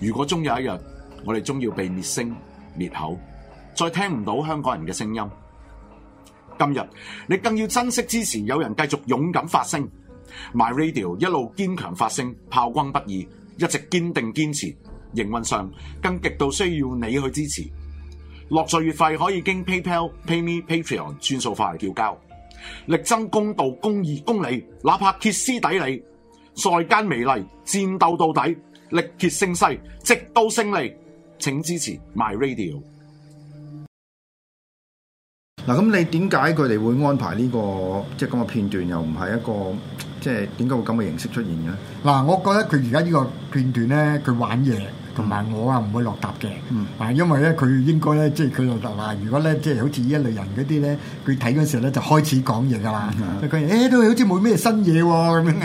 如果終有一日，我哋終要被滅聲滅口，再聽唔到香港人嘅聲音。今日你更要珍惜支持，有人繼續勇敢發聲，My Radio 一路堅強發聲，炮轟不已，一直堅定堅持。營運上更極度需要你去支持。樂助月費可以經 PayPal、PayMe、Patreon 轉數化嚟繳交。力爭公道、公義、公理，哪怕歇斯底里，在間美利，戰鬥到底。力竭聲嘶，直到勝利。請支持 My Radio。嗱、啊，咁你點解佢哋會安排呢、呢個即係咁嘅片段？又唔係一個即係點解會咁嘅形式出現嘅？嗱、啊，我覺得佢而家呢個片段咧，佢玩嘢，同埋、嗯、我啊唔會落答嘅。嗱、嗯啊，因為咧佢應該咧即係佢話嗱，就是、就如果咧即係好似呢一類人嗰啲咧，佢睇嗰陣時咧就開始講嘢噶啦，佢誒、嗯嗯欸、都好似冇咩新嘢喎咁樣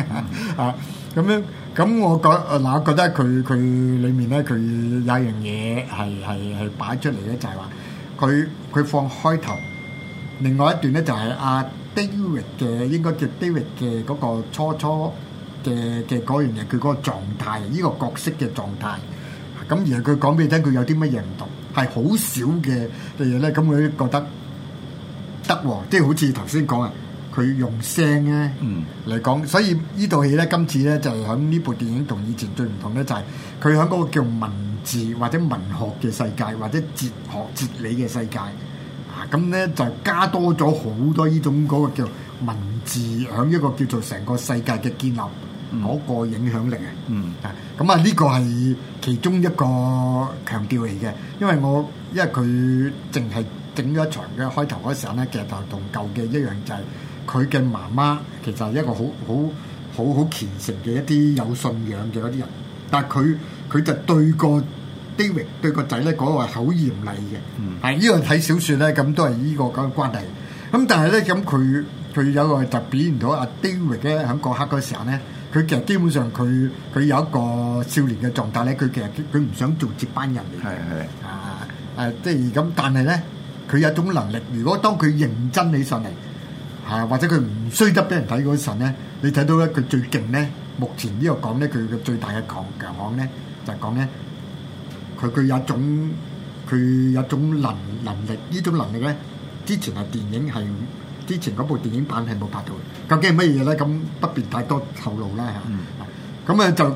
啊咁樣。啊咁我覺嗱，我覺得佢佢裏面咧，佢有樣嘢係係係擺出嚟咧，就係話佢佢放開頭，另外一段咧就係阿、啊、David 嘅，應該叫 David 嘅嗰個初初嘅嘅嗰樣嘢，佢嗰個，個狀態，依、這個角色嘅狀態。咁、嗯、而佢講俾你聽，佢有啲乜嘢唔同，係好少嘅嘅嘢咧。咁、嗯、佢覺得得喎、哦，即係好似頭先講啊。佢用聲咧嚟講，所以戲呢套戲咧，今次咧就係喺呢部電影同以前最唔同咧、就是，就係佢喺嗰個叫文字或者文學嘅世界，或者哲學哲理嘅世界，啊，咁、嗯、咧就加多咗好多呢種嗰、那個叫文字喺一個叫做成個世界嘅建立嗰個影響力、嗯嗯、啊，啊，咁啊呢個係其中一個強調嚟嘅，因為我因為佢淨係整咗一場嘅開頭嗰時候咧，其實同舊嘅一樣就係、是。佢嘅媽媽其實係一個好好好好虔誠嘅一啲有信仰嘅嗰啲人，但係佢佢就對個 David，對、個仔咧嗰個係好嚴厲嘅，係呢、嗯、個睇小說咧咁都係呢個咁嘅關係。咁但係咧咁佢佢有一個就表現到阿 David 咧喺嗰刻嗰時候咧，佢其實基本上佢佢有一個少年嘅狀態咧，佢其實佢唔想做接班人嚟嘅，係係、嗯、啊誒，即係咁。但係咧，佢有種能力，如果當佢認真起上嚟。嚇，或者佢唔需得俾人睇嗰陣咧，你睇到咧佢最勁咧，目前個呢個講咧佢嘅最大嘅講強項咧，就係、是、講咧佢佢有一種佢有一種能能力，呢種能力咧，之前係電影係，之前嗰部電影版係冇拍到，究竟係乜嘢咧？咁不便太多透露啦嚇，咁啊、嗯、就。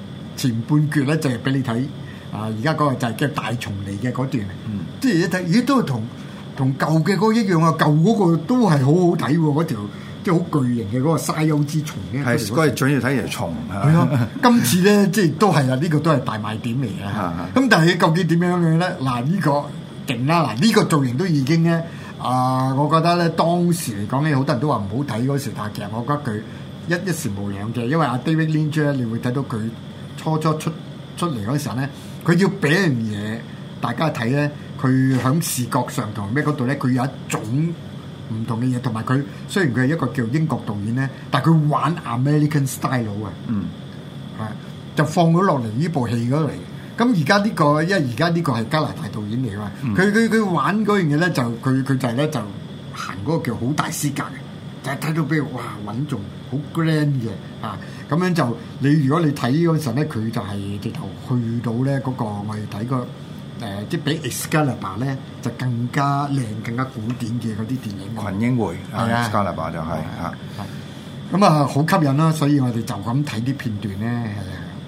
前半橛咧就係俾你睇，啊而家講嘅就係叫大蟲嚟嘅嗰段，嗯、即係一睇，咦都係同同舊嘅嗰一樣啊！舊嗰個都係好好睇喎，嗰條即係好巨型嘅嗰個沙丘之蟲嘅。係、啊，準要睇條蟲係咯。今次咧即係都係啊，呢、這個都係大賣點嚟嘅。咁 但係究竟點樣嘅咧？嗱、這、呢個勁啦！嗱呢、這個造型都已經咧，啊我覺得咧當時嚟講咧，好多人都話唔好睇嗰時拍劇，我覺得佢一一時無兩嘅，因為阿 David Lynch 咧，你會睇到佢。初初出出嚟嗰時候咧，佢要俾樣嘢大家睇咧，佢響視覺上同咩度咧，佢有一種唔同嘅嘢，同埋佢雖然佢係一個叫英國導演咧，但係佢玩 American style 啊，嗯，係、啊，就放咗落嚟呢部戲嗰度嚟。咁而家呢個因為而家呢個係加拿大導演嚟嘅嘛，佢佢佢玩嗰樣嘢咧就佢佢就係咧就行嗰個叫好大師格。睇到比如哇穩重好 grand 嘅啊，咁樣就你如果你睇嗰陣咧，佢就係直頭去到咧嗰個我哋睇個誒，即係比 Excalibur 咧就更加靚、更加古典嘅嗰啲電影《群英會》。Excalibur 就係嚇，咁啊好吸引啦，所以我哋就咁睇啲片段咧。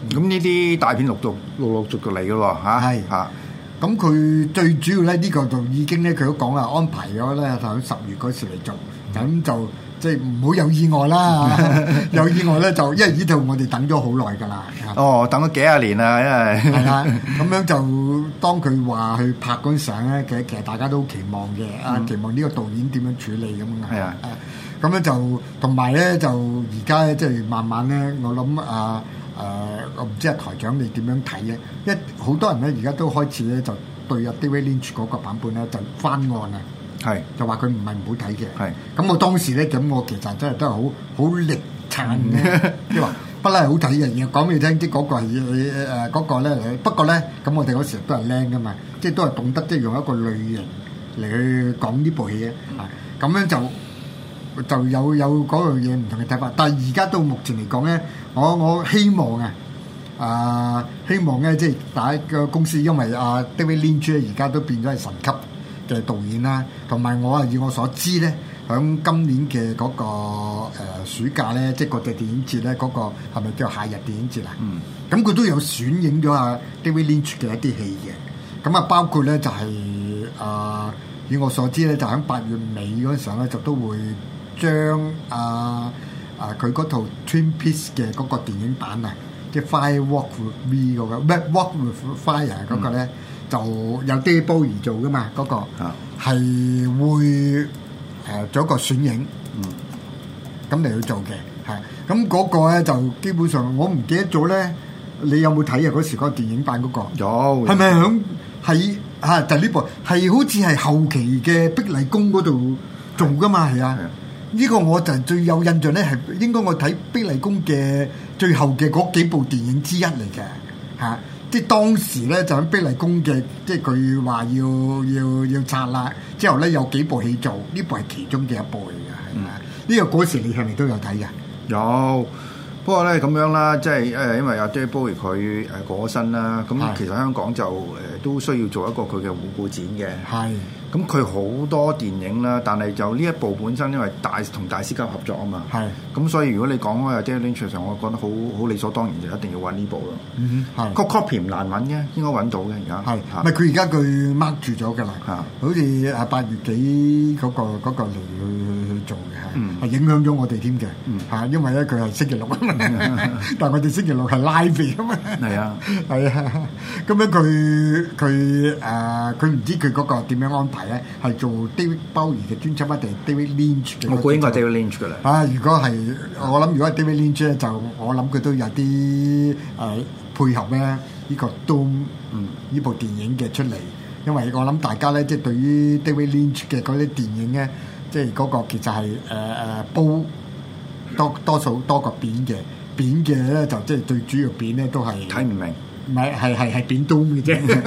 咁呢啲大片陸續陸陸續續嚟嘅喎嚇，係嚇。咁佢最主要咧呢個就已經咧佢都講啦，安排咗咧喺十月嗰時嚟做，咁就。即係唔好有意外啦！ 有意外咧就，因為呢套我哋等咗好耐㗎啦。哦，等咗幾廿年啦，因為 。係啦，咁樣就當佢話去拍嗰陣時咧，其實其實大家都期望嘅，啊、嗯、期望呢個導演點樣處理咁樣。係啊，咁樣就同埋咧就而家即係慢慢咧，我諗啊誒，我唔知阿台長你點樣睇嘅？因為好多人咧而家都開始咧就對入 David Lynch 嗰個版本咧就翻案啦！係就話佢唔係唔好睇嘅，咁是我當時咧，咁我其實真係都係 好好力撐嘅，即係話不嬲係好睇嘅。樣、呃、嘢。講俾你聽，即係嗰個誒嗰個咧，不過咧咁我哋嗰時候都係靚噶嘛，即係都係懂得即係用一個類型嚟去講呢部戲嘅，咁、啊、咧就就有有嗰樣嘢唔同嘅睇法。但係而家到目前嚟講咧，我我希望啊，啊、呃、希望咧即係第一個公司，因為阿、呃、David Lynch 而家都變咗係神級。嘅導演啦，同埋我啊，以我所知咧，響今年嘅嗰個暑假咧，即係國際電影節咧、那個，嗰個係咪叫夏日電影節啊？嗯。咁佢都有選映咗啊 David Lynch 嘅一啲戲嘅，咁啊包括咧就係、是、啊、呃，以我所知咧，就響八月尾嗰陣時候咧，就都會將啊啊佢嗰套 Twin Peaks 嘅嗰個電影版啊，嗯、即係 Fire Walk With Me 嗰個，唔係 Walk With Fire 嗰、那個咧。嗯。就有啲布而做噶嘛，嗰個係會誒做一個選影，咁嚟去做嘅。係咁嗰個咧就基本上，我唔記得咗咧。你有冇睇啊？嗰時嗰個電影版嗰個有係咪響喺嚇？就呢部係好似係後期嘅碧麗宮嗰度做噶嘛？係啊，呢個我就最有印象咧，係應該我睇碧麗宮嘅最後嘅嗰幾部電影之一嚟嘅嚇。即當時咧就喺《碧麗宮》嘅，即佢話要要要拆啦。之後咧有幾部戲做，呢部係其中嘅一部嚟㗎，係咪？呢、嗯、個嗰時你向嚟都有睇㗎？有。不過咧咁樣啦，即係誒，因為阿爹波爾佢誒過身啦，咁是其實香港就誒都需要做一個佢嘅回顧展嘅。係是，咁佢好多電影啦，但係就呢一部本身因為大同大師級合作啊嘛。係是，咁所以如果你講開阿 David Lynch，我覺得好好理所當然就一定要揾呢部咯。嗯哼 Copy cop 唔難揾嘅，應該揾到嘅而家。係，唔係佢而家佢 mark 住咗㗎啦。嚇，好似係八月幾嗰、嗰個嗰去。嗰個嗰個做嘅係影響咗我哋添嘅嚇，因為咧佢係星期六，但係我哋星期六係 live 嘅嘛。係啊，係啊，咁樣佢佢誒佢唔知佢嗰個點樣安排咧，係做 David Bowie 嘅專輯定係 David Lynch 嘅、那個。我估應該 David Lynch 嘅啦。啊，如果係我諗，如果係 David Lynch 咧，就我諗佢都有啲誒配合咧、嗯，依個 Doom 嗯呢部電影嘅出嚟，因為我諗大家咧，即、就、係、是、對於 David Lynch 嘅嗰啲電影咧。即係嗰個其實係誒誒煲多多數多個扁嘅扁嘅咧，就即係最主要扁咧都係睇唔明。唔係係係係扁東嘅啫。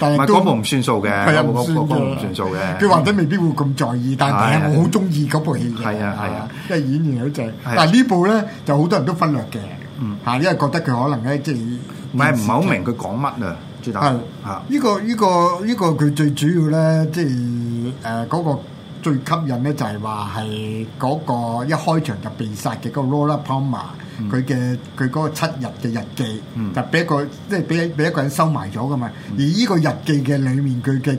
但係都唔係嗰部唔算數嘅，係啊嗰嗰嗰部唔算數嘅。佢或者未必會咁在意，但係我好中意嗰部戲嘅。係啊係啊，即係演員好正。但係呢部咧就好多人都忽略嘅。嗯嚇，因為覺得佢可能咧即係唔係唔係好明佢講乜啊？最大係啊！呢個呢個呢個佢最主要咧，即係誒嗰個。最吸引咧就係話係嗰個一開場就被殺嘅嗰個 Laura Palmer，佢嘅佢嗰個七日嘅日記，就俾、嗯、一個即係俾俾一個人收埋咗㗎嘛。而呢個日記嘅裡面，佢嘅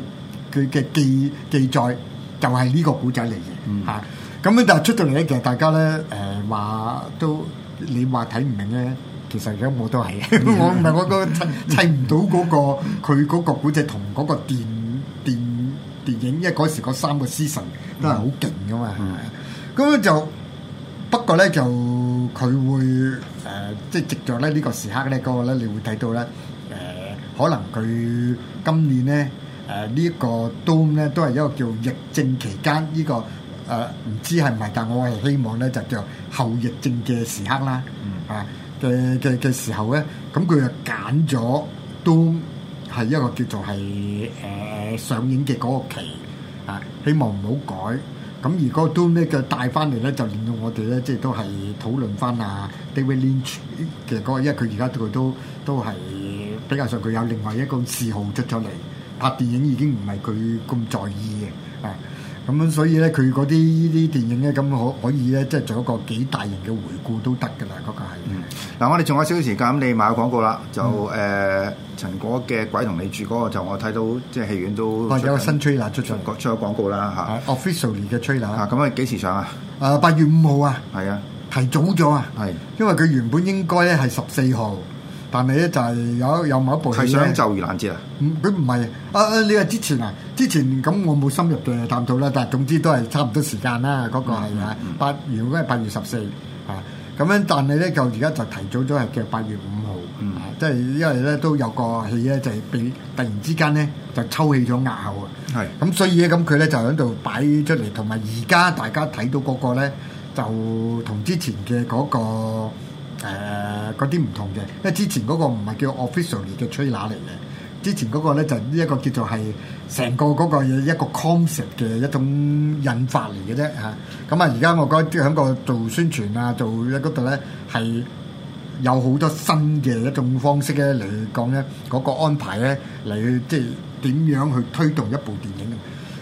佢嘅記記載就係、嗯啊、呢個古仔嚟嘅嚇。咁咧但係出到嚟咧，其實大家咧誒話都你話睇唔明咧，其實而家我都係、嗯， 我唔係我個砌唔到嗰個佢嗰個古仔同嗰個電。電影，因為嗰時嗰三個師神都係好勁噶嘛，咁、嗯嗯啊、就不過咧就佢會誒、呃，即係藉著咧呢個時刻咧、那、嗰個咧，你會睇到咧誒、呃，可能佢今年咧誒呢一、呃這個 Dune 咧都係一個叫疫症期間呢、這個誒，唔、呃、知係唔係，但我係希望咧就叫後疫症嘅時刻啦，嗯、啊嘅嘅嘅時候咧，咁佢就揀咗 Dune。係一個叫做係誒、呃、上映嘅嗰個期啊，希望唔好改。咁如果都咩嘅帶翻嚟咧，就令到我哋咧，即係都係討論翻啊。David Lynch 嘅嗰個，因為佢而家佢都都係比較上佢有另外一個嗜好出咗嚟拍電影，已經唔係佢咁在意嘅啊。咁樣所以咧，佢嗰啲呢啲電影咧，咁可可以咧，即係做一個幾大型嘅回顧都得嘅啦。嗰個係。嗱、嗯啊，我哋仲有少少時間，咁你買個廣告啦，就誒。嗯呃我嘅鬼同你住嗰個就我睇到即係戲院都，哦，有個新 trailer 出場出咗廣告啦，嚇，officially 嘅 trailer 嚇。咁啊，幾時上啊？啊，八月五號啊，係啊，提早咗啊，係因為佢原本應該咧係十四號，但係咧就係有有某一部係想就如難節啊？唔，佢唔係啊。啊你話之前啊？之前，咁我冇深入嘅探討啦，但係總之都係差唔多時間啦，嗰個係啊八月嗰日八月十四，嚇，咁樣，但係咧就而家就提早咗係嘅八月五。即係因為咧都有個戲咧，就係被突然之間咧就抽起咗牙口啊！咁是所以咧，咁佢咧就喺度擺出嚟，同埋而家大家睇到嗰個咧，就同之前嘅嗰、誒嗰啲唔同嘅，因為之前嗰個唔係叫 official 嘅 trailer 嚟嘅，之前嗰個咧就呢一個叫做係成個嗰個嘢一個 concept 嘅一種引發嚟嘅啫嚇。咁啊，而家我覺得喺個做宣傳啊，做喺嗰度咧係。有好多新嘅一種方式咧嚟講咧，嗰、那個安排咧嚟即係點樣去推動一部電影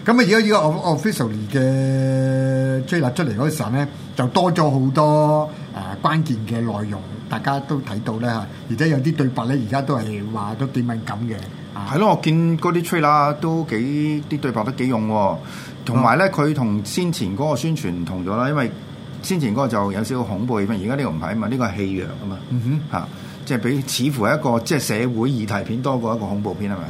咁啊，而家而家、這個、officially 嘅 trailer 出嚟嗰陣咧，就多咗好多啊、呃、關鍵嘅內容，大家都睇到咧嚇。而且有啲對白咧，而家都係話都幾敏感嘅。係咯，我見嗰啲 trailer 都幾啲對白都幾用，同埋咧佢同先前嗰個宣傳唔同咗啦，因為。先前嗰個就有少少恐怖嘅，而家呢個唔係啊嘛，呢、呢個係戲劇啊嘛，嚇、mm hmm. 啊，即係比似乎係一個即係社會議題片多過一個恐怖片係咪？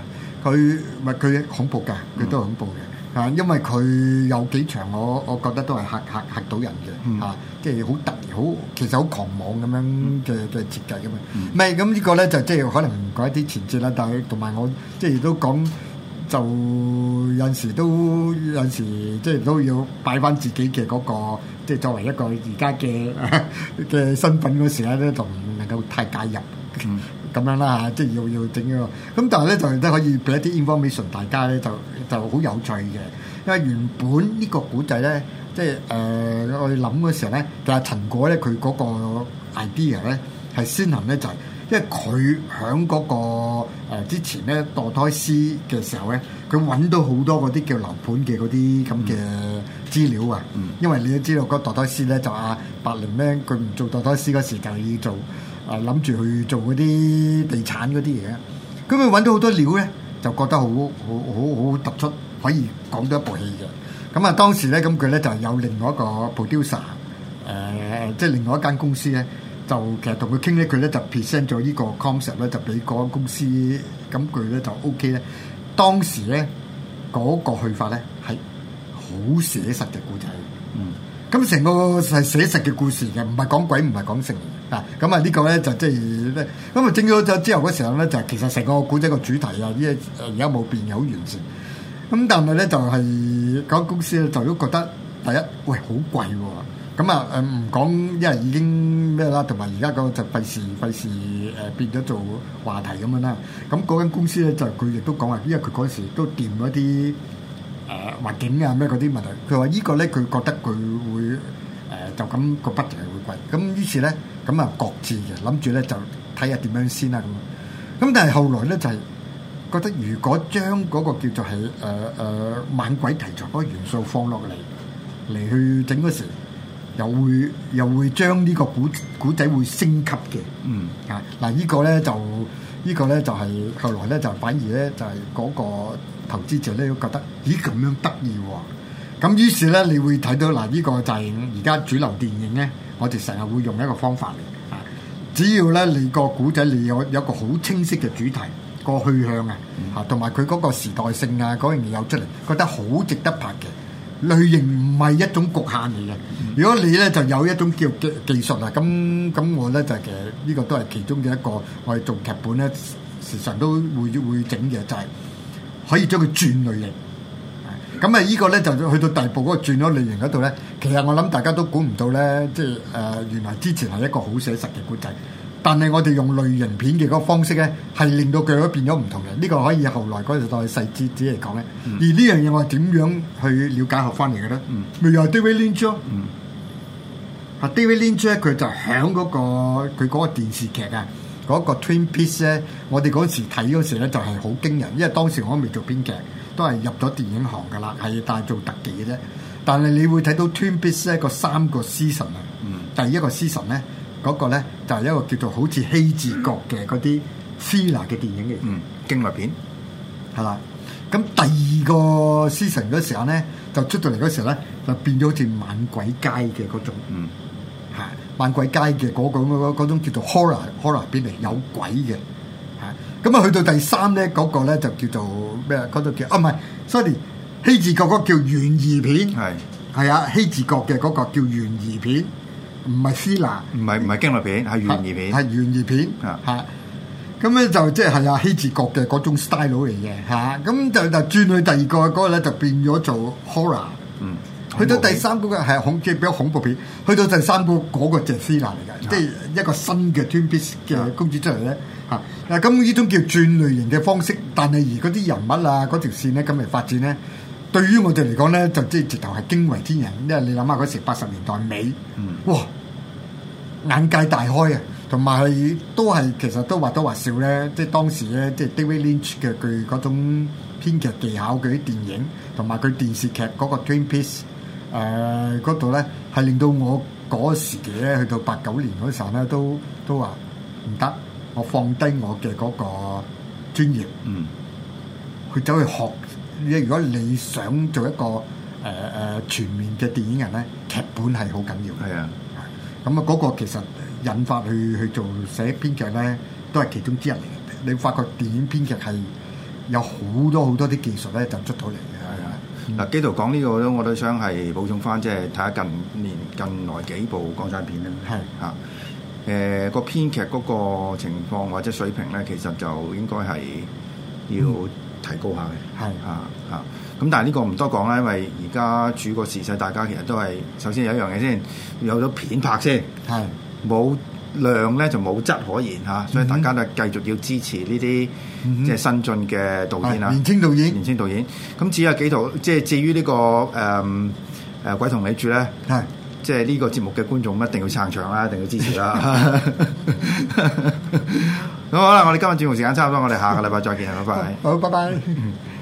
佢唔係佢恐怖嘅，佢都係恐怖嘅，嚇、mm，hmm. 因為佢有幾場，我我覺得都係嚇嚇嚇到人嘅，嚇、mm hmm. 啊，即係好突然、好其實好狂妄咁樣嘅嘅設計咁啊，唔係咁呢個咧就即係可能唔講一啲前節啦，但係同埋我即係都講，就有時都有時即係都要擺翻自己嘅嗰、嗰個。即係作為一個而家嘅嘅身份嗰時咧，就唔能夠太介入咁、嗯、 樣啦，即係要要整呢個。咁但係咧，就真可以俾一啲 information，大家咧就就好有趣嘅。因為原本個呢個古仔咧，即係誒、呃、我哋諗嗰時候咧，就係、是、陳果咧佢嗰個 idea 咧係先行咧就係、是。因為佢喺嗰個、呃、之前咧，墮胎師嘅時候咧，佢揾到好多嗰啲叫樓盤嘅嗰啲咁嘅資料啊。嗯、因為你都知道嗰墮胎師咧，就阿、啊、白靈咩，佢唔做墮胎師嗰時就要做誒諗住去做嗰啲地產嗰啲嘢。咁佢揾到好多料咧，就覺得好好好好突出，可以講到一部戲嘅。咁啊，當時咧，咁佢咧就有另外一個 producer，誒、呃，即係另外一間公司咧。就其實同佢傾咧，佢咧就 present 咗呢個 concept 咧，就俾嗰間公司，咁佢咧就 O K 咧。當時咧，嗰個去法咧係好寫實嘅故仔，嗯。咁成個係寫實嘅故事嘅，唔係講鬼，唔係講成。嗱、啊，咁啊呢個咧就即係咧，咁啊整咗咗之後嗰時候咧，就其實成個故仔個主題啊，依而家冇變嘅，好完善。咁但係咧就係嗰間公司咧，就都覺得第一喂好貴喎、啊。咁啊誒唔講，因為已經咩啦，同埋而家個就費事費事誒、呃、變咗做話題咁樣啦。咁、嗯、嗰間公司咧就佢亦都講話，因為佢嗰時都掂咗啲誒環境啊咩嗰啲問題，佢話呢個咧佢覺得佢會誒、呃、就咁個 budget 就係會貴。咁、嗯、於是咧咁啊各自嘅諗住咧就睇下點樣先啦咁。咁、嗯、但係後來咧就係、是、覺得如果將嗰個叫做係誒誒猛鬼題材嗰個元素放落嚟嚟去整嗰時。又會又會將呢個古古仔會升級嘅，嗯啊嗱、呢個、呢、呢個咧就呢個咧就係後來呢，就反而呢，就係嗰個投資者呢，都覺得咦咁樣得意喎，咁於是呢，你會睇到嗱呢、呢個就係而家主流電影呢，我哋成日會用一個方法嚟，只要呢，你個古仔你有有一個好清晰嘅主題、呢個去向啊，同埋佢嗰個時代性啊嗰樣嘢有出嚟，覺得好值得拍嘅。類型唔係一種局限嚟嘅，如果你咧就有一種叫技技術啊，咁咁我咧就其實呢個都係其中嘅一個，我哋做劇本咧，時常都會會整嘅，就係、是、可以將佢轉類型。咁啊，呢個咧就去到第二部嗰個轉咗類型嗰度咧，其實我諗大家都估唔到咧，即係誒原來之前係一個好寫實嘅古仔。但係我哋用類型片嘅嗰個方式咧，係令到佢變咗唔同嘅。呢、這個可以後來嗰陣再細節只嚟講咧。嗯、而呢樣嘢我點樣去了解學翻嚟嘅咧？咪、嗯、又係 David Lynch 啊。啊、嗯、，David Lynch 佢就響嗰、那個佢嗰個電視劇啊，嗰、嗯、個 Twin Peaks 咧。我哋嗰時睇嗰時咧就係好驚人，因為當時我未做編劇，都係入咗電影行噶啦，係但做特技嘅啫。但係你會睇到 Twin Peaks 咧個三個 season 啊、嗯，第一個 season 咧。嗰個咧就係、是、一個叫做好似希治閣嘅嗰啲 Thriller 嘅電影嚟嘅，驚悚、嗯、片係啦。咁第二個 Season 嗰時候咧，就出到嚟嗰時候咧，就變咗好似猛鬼街嘅嗰種，嚇猛、嗯、鬼街嘅嗰、那個、種叫做 Horror Horror 片嚟，有鬼嘅嚇。咁啊去到第三咧，嗰個咧就叫做咩啊？嗰度叫啊唔係，sorry，希治閣嗰叫懸疑片，係係啊希治閣嘅嗰個叫懸疑片。唔係撕拿，唔係唔係驚悚片，係懸疑片，係懸疑片嚇。咁咧是就即係係阿希治閣嘅嗰種 style 嚟嘅嚇。咁就就轉去第二個嗰個咧就變咗做 horror。嗯，去到第三個嘅係恐即係比較恐怖片。去到第三個嗰個撕拿嚟嘅，即係一個新嘅 Twin Peaks 嘅公主出嚟咧嚇。嗱咁呢種叫轉類型嘅方式，但係而嗰啲人物啊嗰條線咧咁嚟發展咧。對於我哋嚟講咧，就即係直頭係驚為天人，因為你諗下嗰時八十年代尾，哇眼界大開啊！同埋係都係，其實都或多或少咧，即係當時咧，即係 David Lynch 嘅佢嗰種編劇技巧，佢啲電影同埋佢電視劇嗰個《Twin Peaks》誒嗰度咧，係令到我嗰時期咧，去到八九年嗰陣咧，都都話唔得，我放低我嘅嗰個專業，嗯，去走去學。你如果你想做一個誒誒全面嘅電影人咧，劇本係好緊要嘅。係啊，咁啊嗰個其實引發去去做寫編劇咧，都係其中之一嚟嘅。你發覺電影編劇係有好多好多啲技術咧，就出到嚟嘅。係啊，嗱，紀陶講呢個咧，我都想係補充翻，即係睇下近年近來幾部港產片咧。係啊，誒個編劇嗰個情況或者水平咧，其實就應該係要。提高下嘅，嚇嚇的，咁、啊、但係呢個唔多講啦，因為而家處個時勢，大家其實都係首先有一樣嘢先，有咗片拍先，係冇的量咧就冇質可言嚇，的所以大家都繼續要支持呢啲的即係新進嘅導演啦，年青導演，年青導演。咁只有幾套，即係至於呢、這個誒誒、呃、鬼同你住咧，係的即係呢個節目嘅觀眾一定要撐場啦，一定要支持啦。 好啦，我哋今日節目時間差唔多，我哋下個禮拜再見， 拜拜。好，好，拜拜。